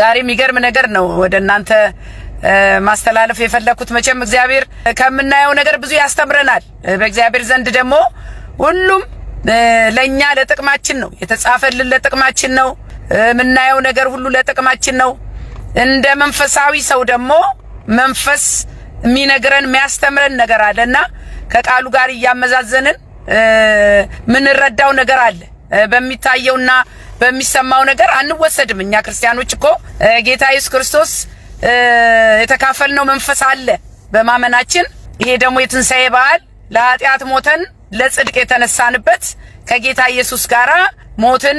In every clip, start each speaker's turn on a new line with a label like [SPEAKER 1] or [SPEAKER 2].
[SPEAKER 1] ዛሬ የሚገርም ነገር ነው ወደ እናንተ ማስተላለፍ የፈለኩት። መቼም እግዚአብሔር ከምናየው ነገር ብዙ ያስተምረናል። በእግዚአብሔር ዘንድ ደግሞ ሁሉም ለእኛ ለጥቅማችን ነው የተጻፈልን፣ ለጥቅማችን ነው የምናየው ነገር ሁሉ ለጥቅማችን ነው። እንደ መንፈሳዊ ሰው ደግሞ መንፈስ የሚነግረን የሚያስተምረን ነገር አለ እና ከቃሉ ጋር እያመዛዘንን ምንረዳው ነገር አለ በሚታየውና በሚሰማው ነገር አንወሰድም። እኛ ክርስቲያኖች እኮ ጌታ ኢየሱስ ክርስቶስ የተካፈልነው መንፈስ አለ በማመናችን ይሄ ደግሞ የትንሣኤ በዓል ለኃጢአት ሞተን ለጽድቅ የተነሳንበት ከጌታ ኢየሱስ ጋር ሞትን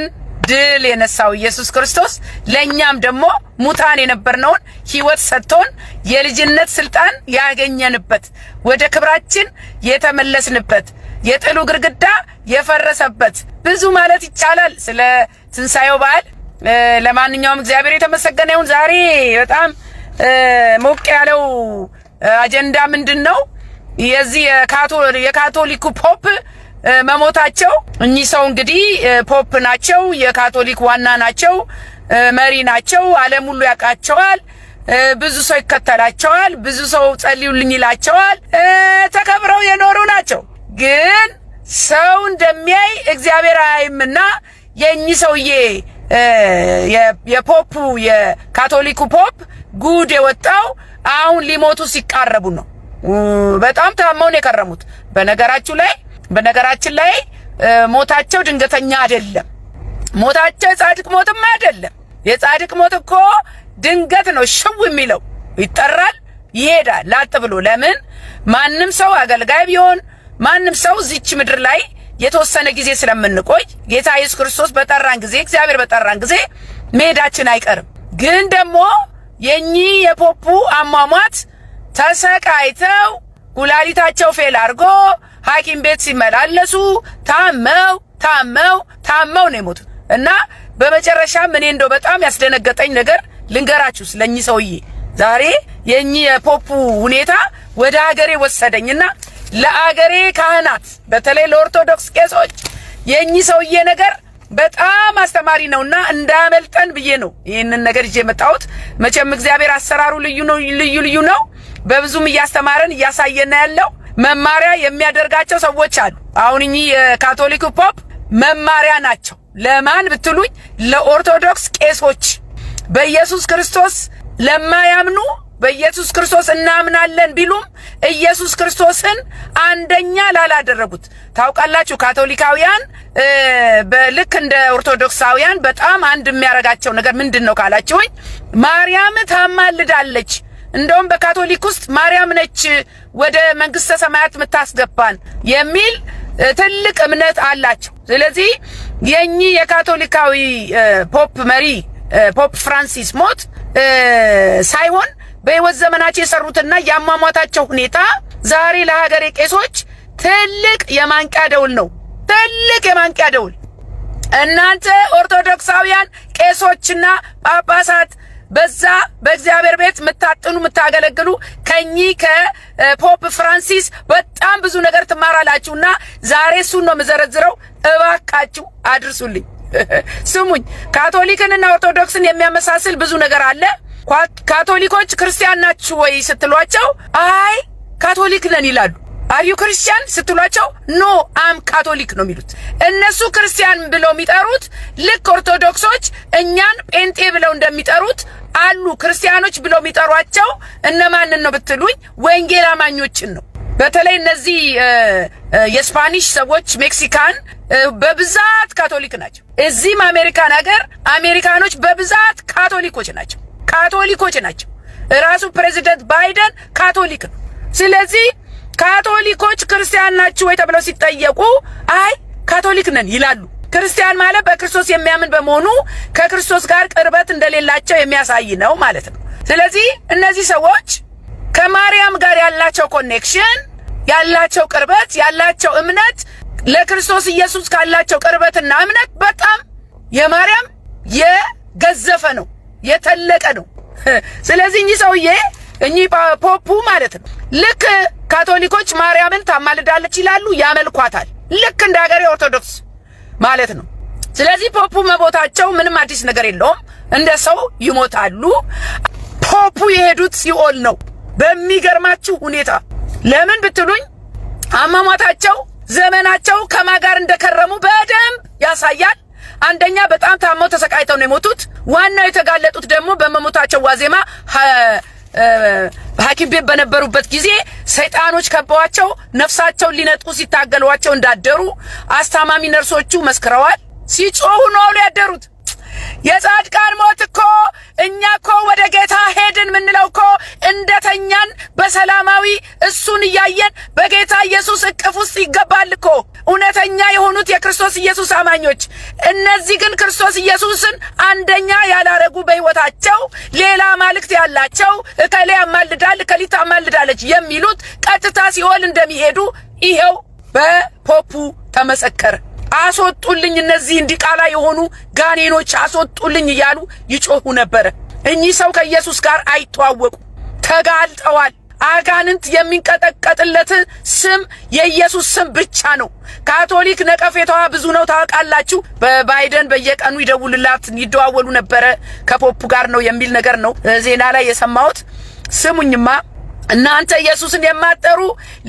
[SPEAKER 1] ድል የነሳው ኢየሱስ ክርስቶስ ለእኛም ደግሞ ሙታን የነበርነውን ሕይወት ሰጥቶን የልጅነት ስልጣን ያገኘንበት ወደ ክብራችን የተመለስንበት የጥሉ ግርግዳ የፈረሰበት ብዙ ማለት ይቻላል ስለ ትንሳኤው በዓል። ለማንኛውም እግዚአብሔር የተመሰገነ ይሁን። ዛሬ በጣም ሞቅ ያለው አጀንዳ ምንድን ነው? የዚህ የካቶሊኩ ፖፕ መሞታቸው። እኚህ ሰው እንግዲህ ፖፕ ናቸው፣ የካቶሊክ ዋና ናቸው፣ መሪ ናቸው። ዓለም ሁሉ ያውቃቸዋል። ብዙ ሰው ይከተላቸዋል። ብዙ ሰው ጸልዩልኝ ይላቸዋል። ተከብረው የኖሩ ናቸው። ግን ሰው እንደሚያይ እግዚአብሔር አያይምና የእኚህ ሰውዬ የፖፑ የካቶሊኩ ፖፕ ጉድ የወጣው አሁን ሊሞቱ ሲቃረቡ ነው። በጣም ታመውን የከረሙት በነገራችሁ ላይ በነገራችን ላይ ሞታቸው ድንገተኛ አይደለም። ሞታቸው የጻድቅ ሞትም አይደለም። የጻድቅ ሞት እኮ ድንገት ነው ሽው የሚለው ይጠራል፣ ይሄዳል ላጥ ብሎ። ለምን ማንም ሰው አገልጋይ ቢሆን ማንም ሰው እዚች ምድር ላይ የተወሰነ ጊዜ ስለምንቆይ ጌታ ኢየሱስ ክርስቶስ በጠራን ጊዜ እግዚአብሔር በጠራን ጊዜ መሄዳችን አይቀርም። ግን ደግሞ የኚህ የፖፑ አሟሟት ተሰቃይተው ኩላሊታቸው ፌል አድርጎ ሐኪም ቤት ሲመላለሱ ታመው ታመው ታመው ነው የሞቱት እና በመጨረሻም እኔ እንደው በጣም ያስደነገጠኝ ነገር ልንገራችሁ ስለኚህ ሰውዬ ዛሬ የኚህ የፖፑ ሁኔታ ወደ ሀገሬ ወሰደኝና ለአገሬ ካህናት በተለይ ለኦርቶዶክስ ቄሶች የእኚህ ሰውዬ ነገር በጣም አስተማሪ ነውና እንዳያመልጠን ብዬ ነው ይህንን ነገር ይዤ የመጣሁት። መቼም እግዚአብሔር አሰራሩ ልዩ ነው፣ ልዩ ልዩ ነው። በብዙም እያስተማረን እያሳየና ያለው መማሪያ የሚያደርጋቸው ሰዎች አሉ። አሁን እኚህ የካቶሊኩ ፖፕ መማሪያ ናቸው። ለማን ብትሉኝ ለኦርቶዶክስ ቄሶች በኢየሱስ ክርስቶስ ለማያምኑ በኢየሱስ ክርስቶስ እናምናለን ቢሉም ኢየሱስ ክርስቶስን አንደኛ ላላደረጉት ታውቃላችሁ። ካቶሊካውያን በልክ እንደ ኦርቶዶክሳውያን በጣም አንድ የሚያረጋቸው ነገር ምንድን ነው ካላችሁኝ፣ ማርያም ታማልዳለች። እንደውም በካቶሊክ ውስጥ ማርያም ነች ወደ መንግስተ ሰማያት የምታስገባን የሚል ትልቅ እምነት አላቸው። ስለዚህ የኚህ የካቶሊካዊ ፖፕ መሪ ፖፕ ፍራንሲስ ሞት ሳይሆን በህይወት ዘመናቸው የሰሩትና ያሟሟታቸው ሁኔታ ዛሬ ለሀገሬ ቄሶች ትልቅ የማንቂያ ደውል ነው። ትልቅ የማንቂያ ደውል። እናንተ ኦርቶዶክሳውያን ቄሶችና ጳጳሳት በዛ በእግዚአብሔር ቤት የምታጥኑ የምታገለግሉ ከኚህ ከፖፕ ፍራንሲስ በጣም ብዙ ነገር ትማራላችሁና ዛሬ እሱን ነው የምዘረዝረው። እባካችሁ አድርሱልኝ፣ ስሙኝ። ካቶሊክንና ኦርቶዶክስን የሚያመሳስል ብዙ ነገር አለ። ካቶሊኮች ክርስቲያን ናችሁ ወይ ስትሏቸው አይ ካቶሊክ ነን ይላሉ። አርዩ ክርስቲያን ስትሏቸው ኖ አም ካቶሊክ ነው የሚሉት። እነሱ ክርስቲያን ብለው የሚጠሩት ልክ ኦርቶዶክሶች እኛን ጴንጤ ብለው እንደሚጠሩት አሉ። ክርስቲያኖች ብለው የሚጠሯቸው እነማንን ነው ብትሉኝ ወንጌል አማኞችን ነው። በተለይ እነዚህ የስፓኒሽ ሰዎች ሜክሲካን በብዛት ካቶሊክ ናቸው። እዚህም አሜሪካን ሀገር አሜሪካኖች በብዛት ካቶሊኮች ናቸው። ካቶሊኮች ናቸው። ራሱ ፕሬዚደንት ባይደን ካቶሊክ ነው። ስለዚህ ካቶሊኮች ክርስቲያን ናችሁ ወይ ተብለው ሲጠየቁ አይ ካቶሊክ ነን ይላሉ። ክርስቲያን ማለት በክርስቶስ የሚያምን በመሆኑ ከክርስቶስ ጋር ቅርበት እንደሌላቸው የሚያሳይ ነው ማለት ነው። ስለዚህ እነዚህ ሰዎች ከማርያም ጋር ያላቸው ኮኔክሽን፣ ያላቸው ቅርበት፣ ያላቸው እምነት ለክርስቶስ ኢየሱስ ካላቸው ቅርበትና እምነት በጣም የማርያም የገዘፈ ነው። የተለቀ ነው። ስለዚህ እኚህ ሰውዬ እኚህ ፖፑ ማለት ነው ልክ ካቶሊኮች ማርያምን ታማልዳለች ይላሉ፣ ያመልኳታል። ልክ እንደ ሀገሬ ኦርቶዶክስ ማለት ነው። ስለዚህ ፖፑ መሞታቸው ምንም አዲስ ነገር የለውም። እንደ ሰው ይሞታሉ። ፖፑ የሄዱት ሲኦል ነው በሚገርማችሁ ሁኔታ። ለምን ብትሉኝ አሟሟታቸው፣ ዘመናቸው ከማ ጋር እንደከረሙ በደንብ አንደኛ በጣም ታመው ተሰቃይተው ነው የሞቱት። ዋናው የተጋለጡት ደግሞ በመሞታቸው ዋዜማ ሐኪም ቤት በነበሩበት ጊዜ ሰይጣኖች ከበዋቸው ነፍሳቸውን ሊነጡ ሲታገሏቸው እንዳደሩ አስታማሚ ነርሶቹ መስክረዋል። ሲጮሁ ነው ያደሩት። የጻድቃን ሞት እኮ እኛ እኮ ወደ ጌታ ሄድን ምንለው እኮ እንደተኛን በሰላማዊ እሱን እያየን በጌታ ኢየሱስ እቅፍ ውስጥ ይገባል እኮ እውነተኛ የሆኑት የክርስቶስ ኢየሱስ አማኞች። እነዚህ ግን ክርስቶስ ኢየሱስን አንደኛ ያላረጉ በሕይወታቸው ሌላ አማልክት ያላቸው እከሌ ያማልዳል፣ እከሊት ታማልዳለች የሚሉት ቀጥታ ሲኦል እንደሚሄዱ ይኸው በፖፑ ተመሰከረ። አስወጡልኝ፣ እነዚህ እንዲቃላ የሆኑ ጋኔኖች አስወጡልኝ እያሉ ይጮሁ ነበረ። እኚህ ሰው ከኢየሱስ ጋር አይተዋወቁ፣ ተጋልጠዋል። አጋንንት የሚንቀጠቀጥለት ስም የኢየሱስ ስም ብቻ ነው። ካቶሊክ ነቀፌታዋ ብዙ ነው ታውቃላችሁ። በባይደን በየቀኑ ይደውልላት ይደዋወሉ ነበረ ከፖፑ ጋር ነው የሚል ነገር ነው ዜና ላይ የሰማሁት። ስሙኝማ እናንተ ኢየሱስን የማትጠሩ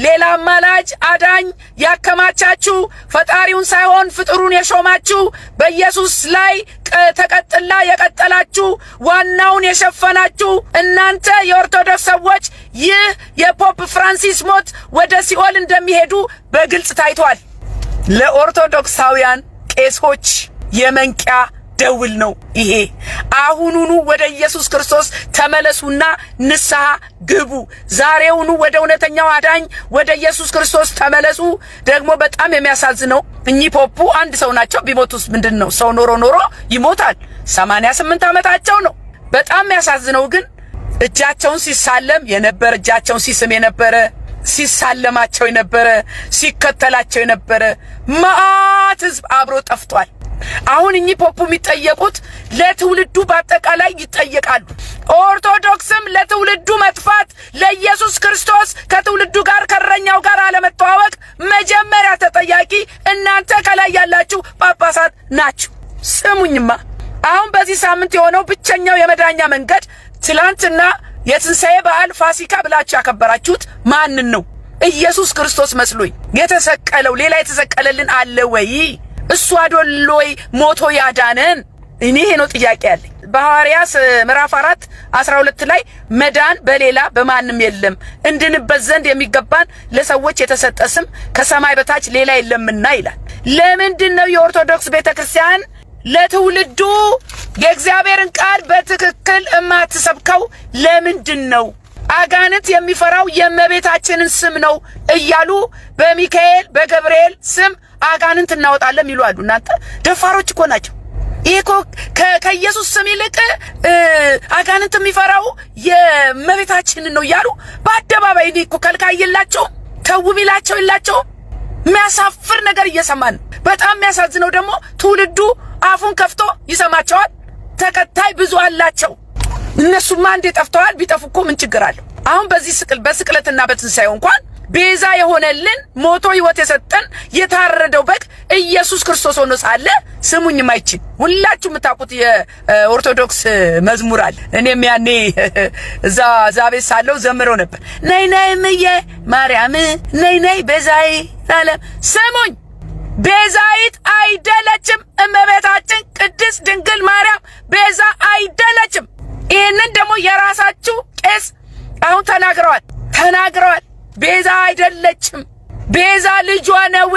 [SPEAKER 1] ሌላ አማላጅ አዳኝ ያከማቻችሁ ፈጣሪውን ሳይሆን ፍጥሩን የሾማችሁ በኢየሱስ ላይ ተቀጥላ የቀጠላችሁ ዋናውን የሸፈናችሁ እናንተ የኦርቶዶክስ ሰዎች ይህ የፖፕ ፍራንሲስ ሞት ወደ ሲኦል እንደሚሄዱ በግልጽ ታይቷል። ለኦርቶዶክሳውያን ቄሶች የመንቂያ ደውል ነው ይሄ። አሁኑኑ ወደ ኢየሱስ ክርስቶስ ተመለሱና ንስሐ ግቡ። ዛሬውኑ ወደ እውነተኛው አዳኝ ወደ ኢየሱስ ክርስቶስ ተመለሱ። ደግሞ በጣም የሚያሳዝነው እኚህ ፖፑ አንድ ሰው ናቸው። ቢሞቱስ ምንድን ነው? ሰው ኖሮ ኖሮ ይሞታል። 88 ዓመታቸው ነው። በጣም የሚያሳዝነው ግን እጃቸውን ሲሳለም የነበረ እጃቸውን ሲስም የነበረ ሲሳለማቸው የነበረ ሲከተላቸው የነበረ መዓት ህዝብ አብሮ ጠፍቷል። አሁን እኚህ ፖፑ የሚጠየቁት ለትውልዱ በአጠቃላይ ይጠየቃሉ። ኦርቶዶክስም ለትውልዱ መጥፋት ለኢየሱስ ክርስቶስ ከትውልዱ ጋር ከረኛው ጋር አለመተዋወቅ መጀመሪያ ተጠያቂ እናንተ ከላይ ያላችሁ ጳጳሳት ናችሁ። ስሙኝማ፣ አሁን በዚህ ሳምንት የሆነው ብቸኛው የመዳኛ መንገድ ትላንትና የትንሣኤ በዓል ፋሲካ ብላችሁ ያከበራችሁት ማንን ነው? ኢየሱስ ክርስቶስ መስሎኝ የተሰቀለው ሌላ የተሰቀለልን አለ ወይ? እሱ አይደል ሞቶ ያዳነን? እኔ ይሄ ነው ጥያቄ ያለኝ። በሐዋርያስ ምዕራፍ 4 12 ላይ መዳን በሌላ በማንም የለም እንድንበት ዘንድ የሚገባን ለሰዎች የተሰጠ ስም ከሰማይ በታች ሌላ የለምና ይላል። ለምንድን ነው የኦርቶዶክስ ቤተክርስቲያን ለትውልዱ የእግዚአብሔርን ቃል በትክክል እማትሰብከው? ለምንድን ነው አጋንንት የሚፈራው የእመቤታችንን ስም ነው እያሉ በሚካኤል በገብርኤል ስም አጋንንት እናወጣለን የሚሉ አሉ። እናንተ ደፋሮች እኮ ናቸው። ይሄ እኮ ከኢየሱስ ስም ይልቅ አጋንንት የሚፈራው የእመቤታችንን ነው እያሉ በአደባባይ እኔ እኮ ከልካይ የላቸውም ይላቸው የላቸው የሚያሳፍር ነገር እየሰማን በጣም የሚያሳዝነው ደግሞ ትውልዱ አፉን ከፍቶ ይሰማቸዋል። ተከታይ ብዙ አላቸው። እነሱማ እንዴ ጠፍተዋል። ቢጠፉ እኮ ምን ችግር አለው? አሁን በዚህ ስቅል በስቅለትና በትንሳኤው እንኳን ቤዛ የሆነልን ሞቶ ህይወት የሰጠን የታረደው በግ ኢየሱስ ክርስቶስ ሆኖ ሳለ ስሙኝ ማይችል ሁላችሁ የምታውቁት የኦርቶዶክስ መዝሙር አለ። እኔም ያኔ እዛ እዛ ቤት ሳለሁ ዘምረው ነበር። ነይ ነይ ምዬ ማርያም ነይ ነይ ቤዛይ ዓለም ስሙኝ፣ ቤዛይት አይደለችም እመቤታችን ቅድስት ድንግል ማርያም ቤዛ አይደለችም። ይህንን ደግሞ የራሳችሁ ቄስ አሁን ተናግረዋል ተናግረዋል ቤዛ አይደለችም። ቤዛ ልጇ ነው።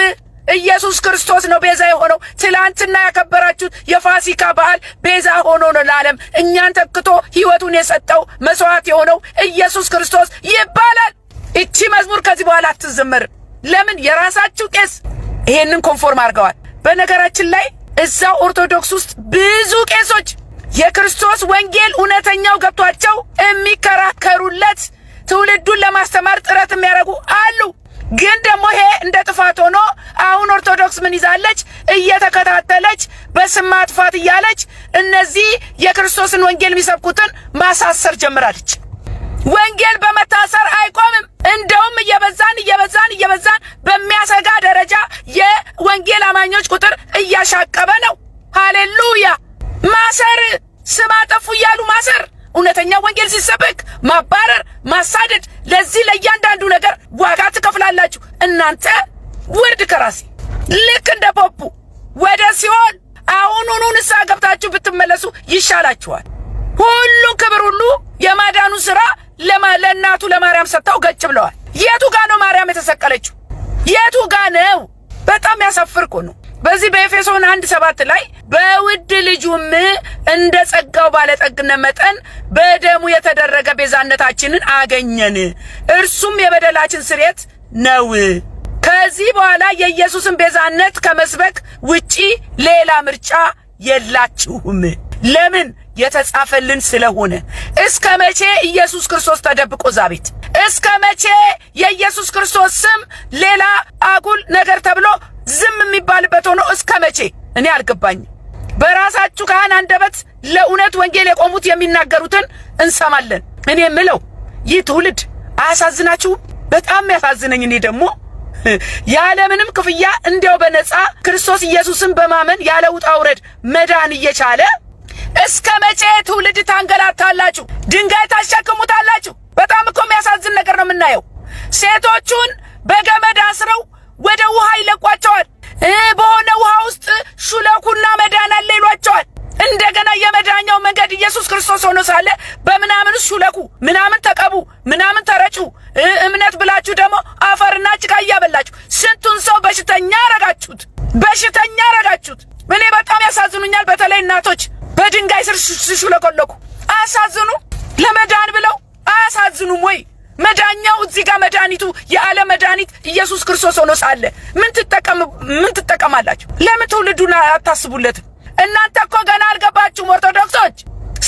[SPEAKER 1] ኢየሱስ ክርስቶስ ነው ቤዛ የሆነው። ትላንትና ያከበራችሁት የፋሲካ በዓል ቤዛ ሆኖ ነው ለዓለም እኛን ተክቶ ሕይወቱን የሰጠው መስዋዕት የሆነው ኢየሱስ ክርስቶስ ይባላል። እቺ መዝሙር ከዚህ በኋላ አትዝምር ለምን? የራሳችሁ ቄስ ይሄንን ኮንፎርም አድርገዋል። በነገራችን ላይ እዛው ኦርቶዶክስ ውስጥ ብዙ ቄሶች የክርስቶስ ወንጌል እውነተኛው ገብቷቸው የሚከራከሩለት ትውልዱን ለማስተማር ጥረት የሚያደርጉ አሉ። ግን ደግሞ ይሄ እንደ ጥፋት ሆኖ አሁን ኦርቶዶክስ ምን ይዛለች? እየተከታተለች በስም ማጥፋት እያለች እነዚህ የክርስቶስን ወንጌል የሚሰብኩትን ማሳሰር ጀምራለች። ወንጌል በመታሰር አይቆምም። እንደውም እየበዛን እየበዛን እየበዛን በሚያሰጋ ደረጃ የወንጌል አማኞች ቁጥር እያሻቀበ ነው። ሃሌሉያ! ማሰር ስም አጠፉ እያሉ ማሰር እውነተኛ ወንጌል ሲሰበክ ማባረር፣ ማሳደድ፣ ለዚህ ለእያንዳንዱ ነገር ዋጋ ትከፍላላችሁ። እናንተ ውርድ ከራሴ ልክ እንደ ፖፑ ወደ ሲሆን አሁኑኑ ንስሐ ገብታችሁ ብትመለሱ ይሻላችኋል። ሁሉ ክብር ሁሉ የማዳኑ ሥራ ለእናቱ ለማርያም ሰጥተው ገጭ ብለዋል። የቱ ጋ ነው ማርያም የተሰቀለችው? የቱ ጋ ነው? በጣም ያሳፍርኩ ነው። በዚህ በኤፌሶን አንድ ሰባት ላይ በውድ ልጁም እንደ ጸጋው ባለጠግነት መጠን በደሙ የተደረገ ቤዛነታችንን አገኘን፣ እርሱም የበደላችን ስርየት ነው። ከዚህ በኋላ የኢየሱስን ቤዛነት ከመስበክ ውጪ ሌላ ምርጫ የላችሁም። ለምን? የተጻፈልን ስለሆነ። እስከ መቼ ኢየሱስ ክርስቶስ ተደብቆ እዛ ቤት? እስከ መቼ የኢየሱስ ክርስቶስ ስም ሌላ አጉል ነገር ተብሎ ዝም የሚባልበት ሆኖ እስከ መቼ እኔ አልገባኝ በራሳችሁ ካህን አንደበት ለእውነት ወንጌል የቆሙት የሚናገሩትን እንሰማለን። እኔ የምለው ይህ ትውልድ አያሳዝናችሁም? በጣም ያሳዝነኝ። እኔ ደግሞ ያለምንም ክፍያ እንዲያው በነፃ ክርስቶስ ኢየሱስን በማመን ያለ ውጣ ውረድ መዳን እየቻለ እስከ መቼ ትውልድ ታንገላታላችሁ? ድንጋይ ታሸክሙታላችሁ? በጣም እኮ የሚያሳዝን ነገር ነው የምናየው። ሴቶቹን በገመድ አስረው ወደ ውሃ ይለቋቸዋል። በሆነ ውሃ ውስጥ ሹለኩና መዳን አለ ይሏቸዋል። እንደገና የመዳኛው መንገድ ኢየሱስ ክርስቶስ ሆኖ ሳለ በምናምን ሹለኩ፣ ምናምን ተቀቡ፣ ምናምን ተረጩ፣ እምነት ብላችሁ ደግሞ አፈርና ጭቃ እያበላችሁ ስንቱን ሰው በሽተኛ አረጋችሁት፣ በሽተኛ አረጋችሁት። እኔ በጣም ያሳዝኑኛል። በተለይ እናቶች በድንጋይ ስር ሲሹለኮለኩ አያሳዝኑ? ለመዳን ብለው አያሳዝኑም ወይ? መዳኛው እዚህ ጋር መድኃኒቱ የዓለም መድኃኒት ኢየሱስ ክርስቶስ ሆኖ ሳለ ምን ትጠቀም ምን ትጠቀማላችሁ? ለምን ትውልዱን አታስቡለትም? እናንተ እኮ ገና አልገባችሁም ኦርቶዶክሶች።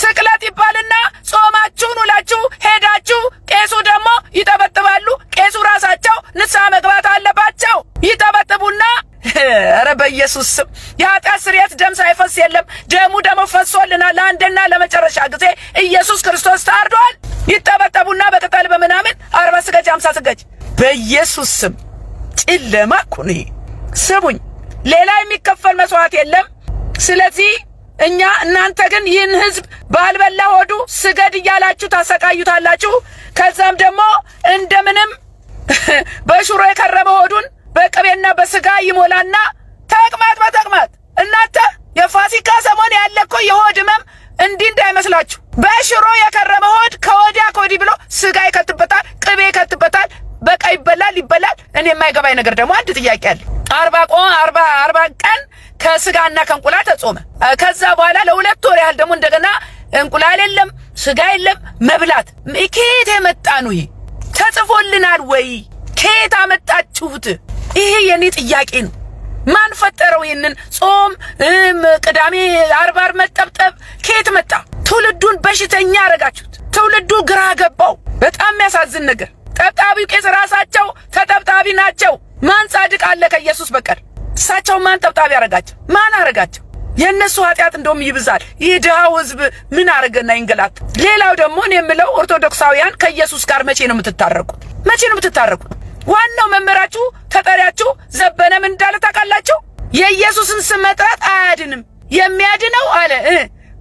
[SPEAKER 1] ስቅለት ይባልና ጾማችሁን ውላችሁ ሄዳችሁ፣ ቄሱ ደግሞ ይጠበጥባሉ። ቄሱ ራሳቸው ንስሐ መግባት አለባቸው። ይጠበጥቡና ኧረ በኢየሱስ ስም የኃጢአት ስርየት ደም ሳይፈስ የለም። ደሙ ደግሞ ፈሶልና ለአንድና ለመጨረሻ ጊዜ ኢየሱስ ክርስቶስ ታርዷል። ይጠበጠቡና በቅ ሃምሳ ስገጅ በኢየሱስ ስም ጨለማ ኩኒ። ስሙኝ፣ ሌላ የሚከፈል መስዋዕት የለም። ስለዚህ እኛ እናንተ ግን ይህን ህዝብ ባልበላ ሆዱ ስገድ እያላችሁ ታሰቃዩታላችሁ። ከዛም ደግሞ እንደምንም በሽሮ የከረመ ሆዱን በቅቤና በስጋ ይሞላና ተቅማጥ በተቅማጥ እናንተ የፋሲካ ሰሞን ያለ እኮ የሆድ ህመም እንዲህ እንዳይመስላችሁ። በሽሮ የከረመ ሆድ ከወዲያ ከወዲህ ብሎ ስጋ ይከትበታል፣ ቅቤ ይከትበታል። በቃ ይበላል ይበላል። እኔ የማይገባኝ ነገር ደግሞ አንድ ጥያቄ አለ። አርባ ቆ አርባ አርባ ቀን ከስጋና ከእንቁላል ተጾመ። ከዛ በኋላ ለሁለት ወር ያህል ደግሞ እንደገና እንቁላል የለም ስጋ የለም መብላት። ከየት የመጣ ነው ይሄ? ተጽፎልናል ወይ? ከየት አመጣችሁት? ይሄ የእኔ ጥያቄ ነው። ማን ፈጠረው ይህንን ጾም ቅዳሜ አርባር መጠብጠብ ከየት መጣ ትውልዱን በሽተኛ ያደረጋችሁት ትውልዱ ግራ ገባው በጣም የሚያሳዝን ነገር ጠብጣቢው ቄስ ራሳቸው ተጠብጣቢ ናቸው ማን ጻድቅ አለ ከኢየሱስ በቀር እሳቸው ማን ጠብጣቢ አረጋቸው ማን አረጋቸው የእነሱ ኃጢአት እንደውም ይብዛል። ይህ ድሃው ህዝብ ምን አረገና ይንገላት። ሌላው ደግሞ እኔ የምለው ኦርቶዶክሳውያን ከኢየሱስ ጋር መቼ ነው የምትታረቁት? መቼ ነው የምትታረቁት? ዋናው መምህራችሁ ተጠሪያችሁ ዘበነም እንዳለ ታውቃላችሁ። የኢየሱስን ስም መጥራት አያድንም። የሚያድነው አለ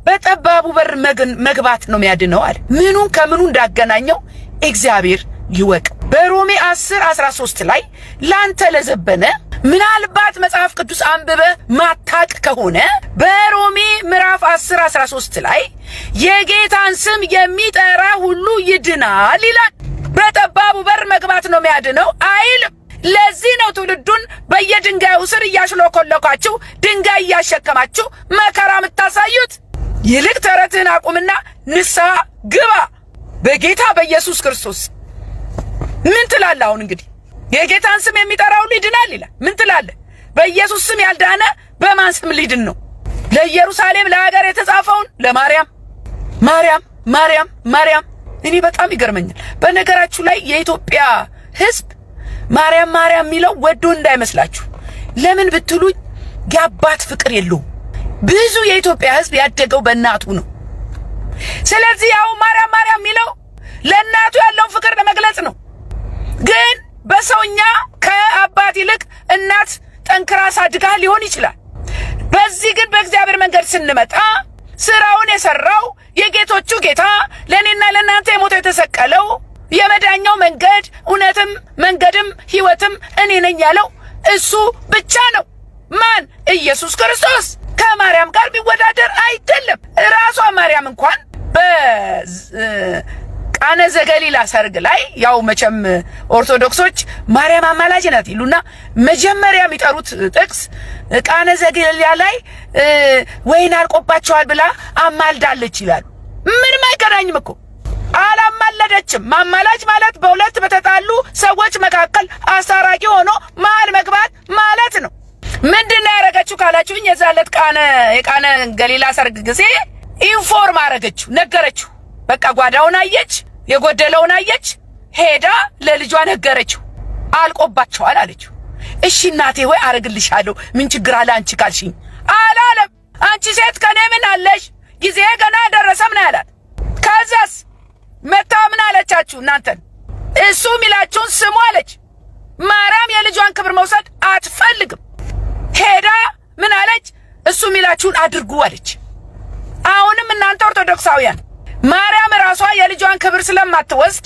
[SPEAKER 1] በጠባቡ በር መግባት ነው የሚያድነው አለ። ምኑን ከምኑ እንዳገናኘው እግዚአብሔር ይወቅ። በሮሜ 10 13 ላይ ላንተ ለዘበነ ምናልባት መጽሐፍ ቅዱስ አንብበ ማታቅ ከሆነ በሮሜ ምዕራፍ 10 13 ላይ የጌታን ስም የሚጠራ ሁሉ ይድናል ይላል። በጠባቡ በር መግባት ነው የሚያድነው አይልም። ለዚህ ነው ትውልዱን በየድንጋዩ ስር እያሽሎኮለኳችሁ ድንጋይ እያሸከማችሁ መከራ የምታሳዩት። ይልቅ ተረትህን አቁምና ንስሐ ግባ በጌታ በኢየሱስ ክርስቶስ። ምን ትላለህ አሁን? እንግዲህ የጌታን ስም የሚጠራ ሁሉ ይድናል ይላል። ምን ትላለህ? በኢየሱስ ስም ያልዳነ በማን ስም ሊድን ነው? ለኢየሩሳሌም ለሀገር የተጻፈውን ለማርያም ማርያም ማርያም ማርያም እኔ በጣም ይገርመኛል። በነገራችሁ ላይ የኢትዮጵያ ሕዝብ ማርያም ማርያም የሚለው ወዶ እንዳይመስላችሁ። ለምን ብትሉኝ የአባት ፍቅር የለውም። ብዙ የኢትዮጵያ ሕዝብ ያደገው በእናቱ ነው። ስለዚህ ያው ማርያም ማርያም የሚለው ለእናቱ ያለውን ፍቅር ለመግለጽ ነው። ግን በሰውኛ ከአባት ይልቅ እናት ጠንክራ አሳድጋ ሊሆን ይችላል። በዚህ ግን በእግዚአብሔር መንገድ ስንመጣ ስራውን የሰራው የጌቶቹ ጌታ ለእኔና ለእናንተ የሞተው የተሰቀለው የመዳኛው መንገድ እውነትም መንገድም ሕይወትም እኔ ነኝ ያለው እሱ ብቻ ነው። ማን? ኢየሱስ ክርስቶስ። ከማርያም ጋር ቢወዳደር አይደለም። ራሷ ማርያም እንኳን ቃነ ዘገሊላ ሰርግ ላይ ያው መቼም ኦርቶዶክሶች ማርያም አማላጅ ናት ይሉና መጀመሪያ የሚጠሩት ጥቅስ ቃነ ዘገሊላ ላይ ወይን አርቆባቸዋል ብላ አማልዳለች ይላል። ምንም አይገናኝም እኮ አላማለደችም። ማማላጅ ማለት በሁለት በተጣሉ ሰዎች መካከል አስታራቂ ሆኖ መሀል መግባት ማለት ነው። ምንድን ነው ያደረገችው ካላችሁኝ፣ የዛን ዕለት ቃነ የቃነ ገሊላ ሰርግ ጊዜ ኢንፎርም አረገችው፣ ነገረችው። በቃ ጓዳውን አየች። የጎደለውን አየች። ሄዳ ለልጇ ነገረችው። አልቆባቸዋል አለችው። እሺ እናቴ ሆይ አረግልሻለሁ፣ ምን ችግር አለ አንቺ ካልሽኝ አላለም። አንቺ ሴት ከኔ ምን አለሽ? ጊዜ ገና ደረሰም ነው ያላት። ከዛስ መታ ምን አለቻችሁ እናንተን? እሱ ሚላችሁን ስሙ አለች። ማርያም የልጇን ክብር መውሰድ አትፈልግም። ሄዳ ምን አለች? እሱ ሚላችሁን አድርጉ አለች። አሁንም እናንተ ኦርቶዶክሳውያን ማርያም ራሷ የልጇን ክብር ስለማትወስድ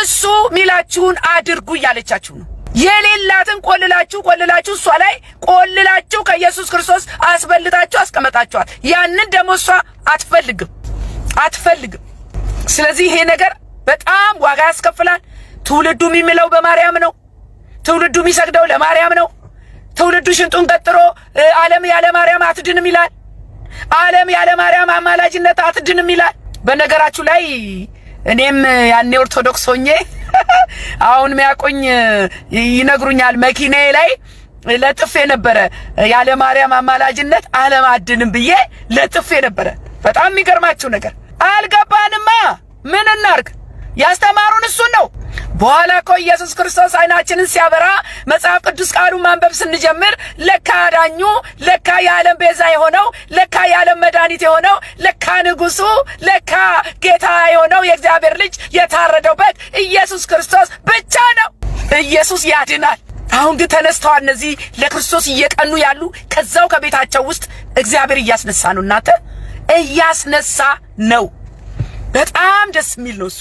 [SPEAKER 1] እሱ ሚላችሁን አድርጉ እያለቻችሁ ነው። የሌላትን ቆልላችሁ ቆልላችሁ እሷ ላይ ቆልላችሁ ከኢየሱስ ክርስቶስ አስበልጣችሁ አስቀመጣችኋት። ያንን ደግሞ እሷ አትፈልግም አትፈልግም። ስለዚህ ይሄ ነገር በጣም ዋጋ ያስከፍላል። ትውልዱ የሚምለው በማርያም ነው። ትውልዱ የሚሰግደው ለማርያም ነው። ትውልዱ ሽንጡን ቀጥሮ ዓለም ያለ ማርያም አትድንም ይላል። ዓለም ያለ ማርያም አማላጅነት አትድንም ይላል። በነገራችሁ ላይ እኔም ያኔ ኦርቶዶክስ ሆኜ አሁን ሚያቆኝ ይነግሩኛል። መኪናዬ ላይ ለጥፌ ነበረ ያለ ማርያም አማላጅነት አድንም ብዬ ለጥፌ ነበረ። በጣም የሚገርማችሁ ነገር አልገባንማ። ምን እናርግ? ያስተማሩን እሱን ነው። በኋላ እኮ ኢየሱስ ክርስቶስ አይናችንን ሲያበራ መጽሐፍ ቅዱስ ቃሉ ማንበብ ስንጀምር ለካ አዳኙ፣ ለካ የዓለም ቤዛ የሆነው፣ ለካ የዓለም መድኃኒት የሆነው፣ ለካ ንጉሱ፣ ለካ ጌታ የሆነው የእግዚአብሔር ልጅ የታረደው በግ ኢየሱስ ክርስቶስ ብቻ ነው። ኢየሱስ ያድናል። አሁን ግን ተነስተዋል። እነዚህ ለክርስቶስ እየቀኑ ያሉ ከዛው ከቤታቸው ውስጥ እግዚአብሔር እያስነሳ ነው። እናንተ እያስነሳ ነው። በጣም ደስ የሚል ነው እሱ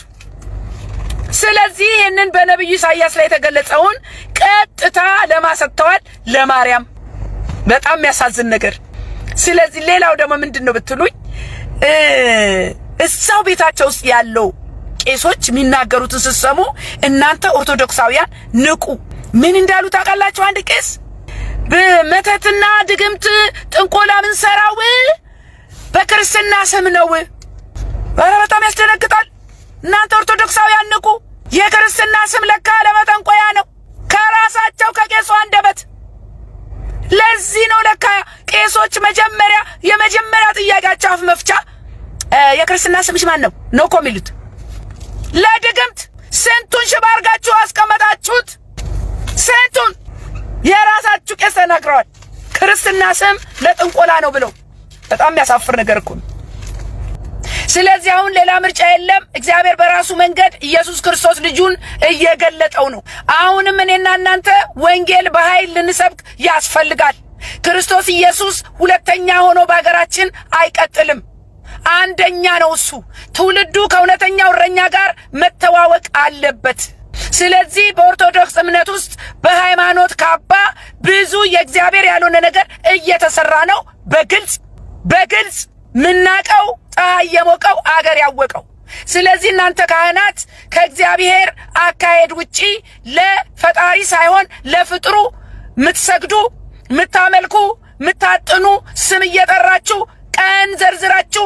[SPEAKER 1] ስለዚህ ይህንን በነቢዩ ኢሳያስ ላይ የተገለጸውን ቀጥታ ለማሰጥተዋል ለማርያም። በጣም የሚያሳዝን ነገር። ስለዚህ ሌላው ደግሞ ምንድን ነው ብትሉኝ እዛው ቤታቸው ውስጥ ያለው ቄሶች የሚናገሩትን ስትሰሙ እናንተ ኦርቶዶክሳውያን ንቁ። ምን እንዳሉ ታውቃላችሁ? አንድ ቄስ በመተትና ድግምት ጥንቆላ ምንሰራው በክርስትና ስም ነው። ኧረ በጣም ያስደነግጣል። እናንተ ኦርቶዶክሳውያን ንቁ! የክርስትና ስም ለካ ለመጠንቆያ ነው፣ ከራሳቸው ከቄሱ አንደበት። ለዚህ ነው ለካ ቄሶች መጀመሪያ የመጀመሪያ ጥያቄያቸው አፍ መፍቻ የክርስትና ስምሽ ማን ነው ነው እኮ የሚሉት። ለድግምት ስንቱን ሽባ አርጋችሁ አስቀመጣችሁት? ስንቱን የራሳችሁ ቄስ ተናግረዋል። ክርስትና ስም ለጥንቆላ ነው ብለው። በጣም የሚያሳፍር ነገር እኮ ነው። ስለዚህ አሁን ሌላ ምርጫ የለም። እግዚአብሔር በራሱ መንገድ ኢየሱስ ክርስቶስ ልጁን እየገለጠው ነው። አሁንም እኔና እናንተ ወንጌል በኃይል ልንሰብክ ያስፈልጋል። ክርስቶስ ኢየሱስ ሁለተኛ ሆኖ በሀገራችን አይቀጥልም። አንደኛ ነው እሱ። ትውልዱ ከእውነተኛው እረኛ ጋር መተዋወቅ አለበት። ስለዚህ በኦርቶዶክስ እምነት ውስጥ በሃይማኖት ካባ ብዙ የእግዚአብሔር ያልሆነ ነገር እየተሰራ ነው። በግልጽ በግልጽ ምናቀው ፀሐይ የሞቀው አገር ያወቀው። ስለዚህ እናንተ ካህናት ከእግዚአብሔር አካሄድ ውጪ ለፈጣሪ ሳይሆን ለፍጥሩ ምትሰግዱ፣ ምታመልኩ፣ ምታጥኑ ስም እየጠራችሁ ቀን ዘርዝራችሁ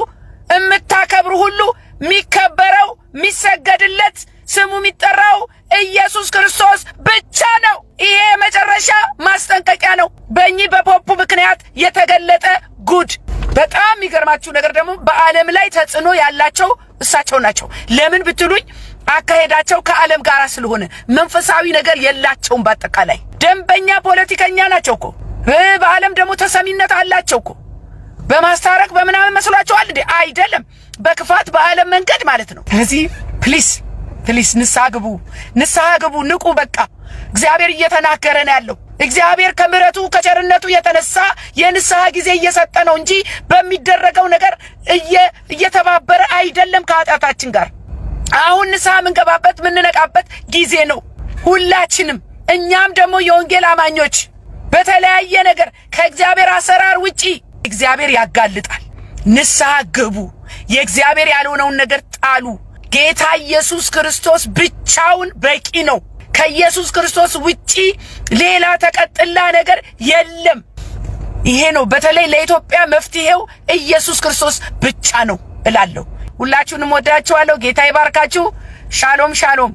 [SPEAKER 1] እምታከብሩ ሁሉ የሚከበረው የሚሰገድለት ስሙ የሚጠራው ኢየሱስ ክርስቶስ ብቻ ነው። ይሄ የመጨረሻ ማስጠንቀቂያ ነው፣ በእኚህ በፖፑ ምክንያት የተገለጠ ጉድ በጣም የሚገርማችሁ ነገር ደግሞ በዓለም ላይ ተጽዕኖ ያላቸው እሳቸው ናቸው። ለምን ብትሉኝ አካሄዳቸው ከዓለም ጋር ስለሆነ መንፈሳዊ ነገር የላቸውም። በአጠቃላይ ደንበኛ ፖለቲከኛ ናቸው እኮ በዓለም ደግሞ ተሰሚነት አላቸው እኮ በማስታረቅ በምናምን መስሏቸዋል እንዴ? አይደለም። በክፋት በዓለም መንገድ ማለት ነው። ስለዚህ ፕሊስ ፕሊስ ንስሐ ግቡ፣ ንስሐ ግቡ፣ ንቁ በቃ። እግዚአብሔር እየተናገረ ነው ያለው። እግዚአብሔር ከምሕረቱ ከቸርነቱ የተነሳ የንስሐ ጊዜ እየሰጠ ነው እንጂ በሚደረገው ነገር እየተባበረ አይደለም ከኃጢአታችን ጋር። አሁን ንስሐ የምንገባበት የምንነቃበት ጊዜ ነው ሁላችንም። እኛም ደግሞ የወንጌል አማኞች በተለያየ ነገር ከእግዚአብሔር አሰራር ውጪ እግዚአብሔር ያጋልጣል። ንስሐ ግቡ። የእግዚአብሔር ያልሆነውን ነገር ጣሉ። ጌታ ኢየሱስ ክርስቶስ ብቻውን በቂ ነው። ከኢየሱስ ክርስቶስ ውጪ ሌላ ተቀጥላ ነገር የለም። ይሄ ነው በተለይ ለኢትዮጵያ መፍትሄው ኢየሱስ ክርስቶስ ብቻ ነው እላለሁ። ሁላችሁንም ወዳችኋለሁ። ጌታ ይባርካችሁ። ሻሎም ሻሎም።